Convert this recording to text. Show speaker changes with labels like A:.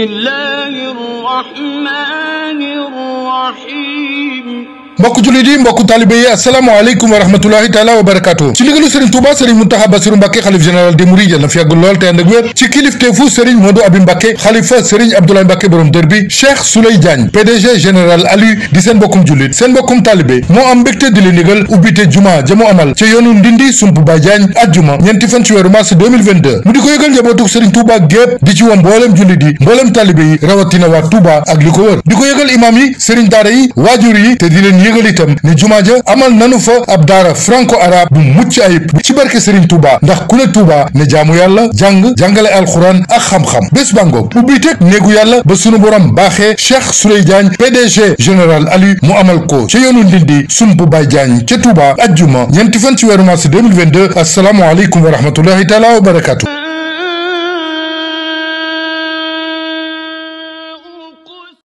A: الله الرحمن الرحيم
B: mbokk jullit yi mbokk taalibé yi asalaamaaleykum wa rahmatullahi taala wa barakatu ci ndigalu Serigne xalif général des Mourides yàlla na fi yàgg lool te ànd ak wér ci kilifteefu Serigne Modou Abi Mbacké xalifa Serigne Abdoulaye Mbacké borom dër bi Cheikh Souley PDG général Aliou di seen mbokkum jullit seen mbokkum taalibé moo am mbégte di li ndigal ubbite juma jamu amal ci yoonu Ndindi Sump Baye Diagne ajjuma ñeenti fan ci weeru mu di ko yëgal njabootu Serigne Touba gépp di ci woo mbooleem yëgal itam ne jumaa ja amal nanu fa ab daara franco arabe bu mucc ayib ci barke Serigne Touba ndax ku ne Touba ne jaamu yàlla jàng jàngale alxuraan ak xamxam xam bés bàngoog ubbi teg néegu yàlla ba sunu borom baaxee Cheikh Souley Diagne PDG général Aliou mu amal ko ca yoonu Ndindi sump Baye Diagne ca Touba ajjuma ñeenti fan ci weeru mars 2022 assalaamu aleykum wa rahmatullahi taala wa barakatu